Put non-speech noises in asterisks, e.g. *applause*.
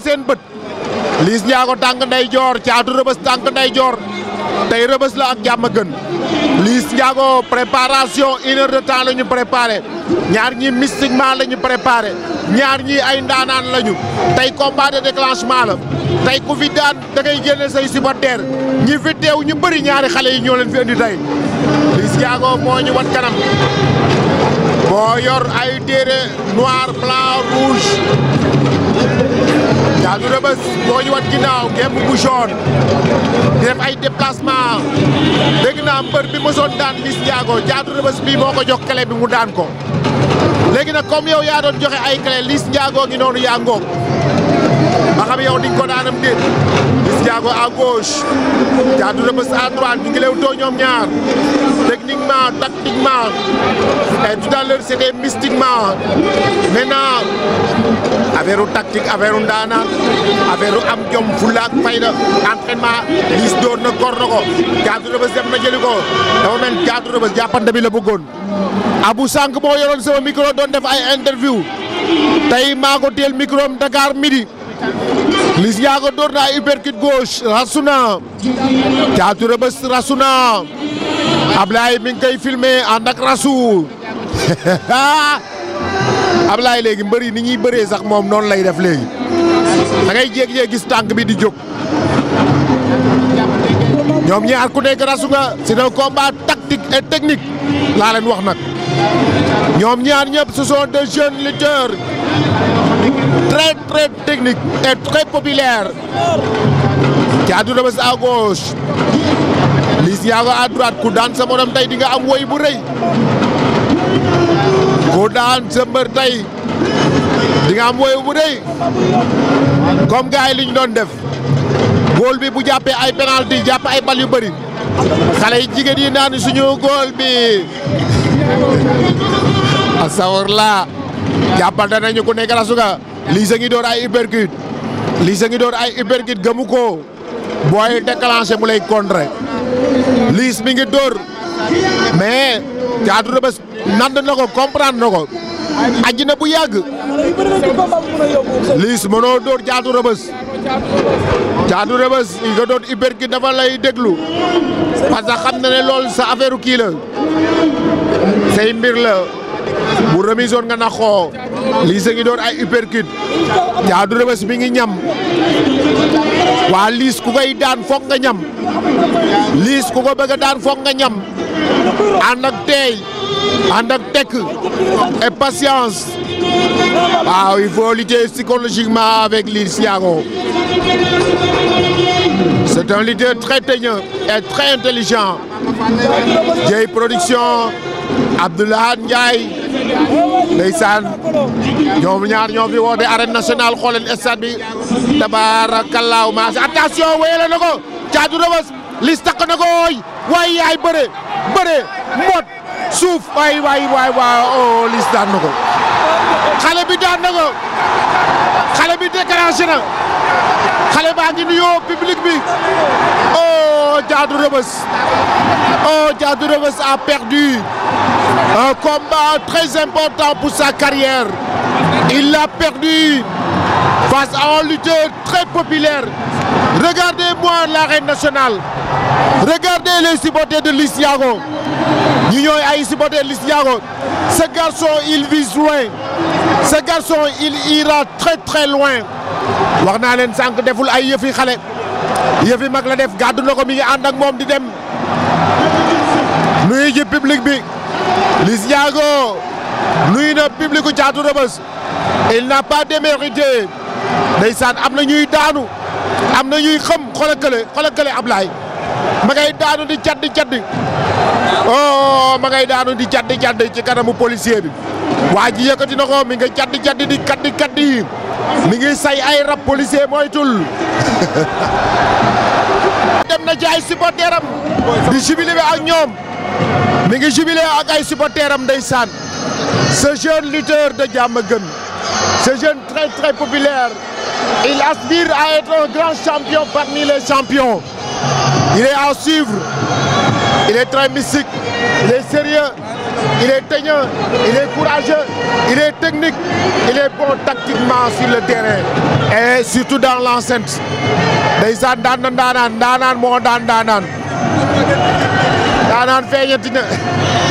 seen bët liis njaago tànk nday joor caatu rëbës tànk nday joor tey la ak jàmm gën Liss Ndiago préparation une heure de temps la ñu préparé ñaar ñi mystiquement la préparé ñaar ñi ay ndaanaan lañu ñu tey combat de déclenchement la tey ku fi daan génne say supporter ñi fi teew ñu bëri ñaari xale yi ñoo leen fi indi tey Liss Ndiago moo ñu wat kanam moo yor ay téere noir blanc rouge waaw du rëbës moo ñu wat ginnaaw gémb bu jaune di def ay déplacement dégg naa mbër bi mësoon daan Liss Ndiago jaadu rëbës bii moo ko jox clé bi mu daan ko léegi nag comme yow yaa doon joxe ay clé Liss Ndiago ngi noonu yaa ngoog ba xam yow di ko daanam déet Liss Ndiago à gauche jaadu rëbës à droite ñu too ñoom ñaar techniquement tactiquement et tout à l'heure c'était mystiquement maintenant affaire tactique affaire ndaanaan affaire am jom fulla ak fayda entraînement liis door na kor ko jaatu rëbës dem na jëli ko dafa mel jaatu rëbës jàppante bi la bëggoon Abou Sank moo yoroon sama micro doon def ay interview tey maa ko teel micro am Dakar midi Liss Ndiago door na ay uppercut gauche rasu jaatu rëbës rasu na Ablaye mi ngi koy filmé ànd ak *laughs* Ablaye léegi mbëri ni ñuy bëree sax moom noonu lay def léegi da ngay jéeg gis tànk bi di jóg ñoom ñaar ku nekk rasu nga c'est un combat tactique et technique laa leen wax nag ñoom ñaar ñëpp ce sont des jeunes lutteurs très technique techniques et très populaires Thiatou Rebeuss à gauche Liss Ndiago à ku daan sa morom tey di nga am woy bu rëy ku daan sa mbër tey di nga am woyu bu dey comme gars yi li ñu doon def góol bi bu jàppee ay penalty jàpp ay bal yu bëri xale yi jigéen yi naan suñu góol bi asawar la jàppante nañu ku ko rasuka lii sa ngi door ay uppercut lii sa ngi door ay uppercut gëmu ko booy déclenché mu lay contrer liis mi ngi mais Caatu Rebeuss natt na ko comprendre na ko aji na bu yàgg liis mënoo dóor Caatu Rebeuss Caatu Rebeuss nga doon iber gi dafa lay déglu parce xam na ne loolu sa affaire kii la say mbir la bu remise nga na xoo liise ngi doon ay uppercut Caatu Rebeuss mi ngi ñam waa liis ku koy daan foog nga ñam liis ku ko bëgg a daan foog nga ñam ànd ak teey ànd ak tekk et patience waaw il faut lutter psychologiquement avec Liss Ndiago c'est un leader très teigneux et très intelligent Dieye Production Abdoulaye Ndiaye ndeysaan ñoom ñaar ñoo fi woote arène nationale xooleen stade bi tabaarakallaahu maas attention wéyale na ko caatu rëbës lis ko ooy waay yaay bëre bëre mbot suuf waay waay waay waay oo oh, lis daan na bi daan na ko xale bi déclenché na xale baa ngi nuyoo public bi oh caatu rëbës oh caatu rëbës a perdu Un combat très important pour sa carrière. Il l'a perdu face a en lutteur très populaire. Regardez-moi l'arène nationale. Regardez les supporters de Liss Ndiago. ñu ñooy ay supporters Liss Ndiago. Ce garçon, il vise loin. Ce garçon, il ira très très loin. wax naa leen sànq deful ay yëfi xale yëfi mag la def gàddu na ko mi ngi ànd ak moom di dem nuyu ji public bi. Liss Ndiago nuyu na publicu Caatu Rebeuss il n'a pas démérité ndeysaan am na ñuy daanu am na ñuy xam xoolal kële xoolal kële ma ngay daanu di caddi caddi oh ma ngay daanu di caddi caddi ci kanamu policier bi waa ji yëkkati na mi nga caddi caddi di caddi caddi mi ngi say ay rab policier moytul *laughs* dem na ci ay supporteram di jubilé ak ñoom. mi ngi jubilé ak ay supporteram ndeysaan ce jeune lutteur de Diamaguène ce jeune très très populaire il aspire à être un grand champion parmi les champions il est à suivre il est très mystique il est sérieux il est teigneux il est courageux il est technique il est bon tactiquement sur le terrain et surtout dans l'enceinte ndeysaan daan na ndaanaan moo daan ndaanaan ndaanaan feeñati na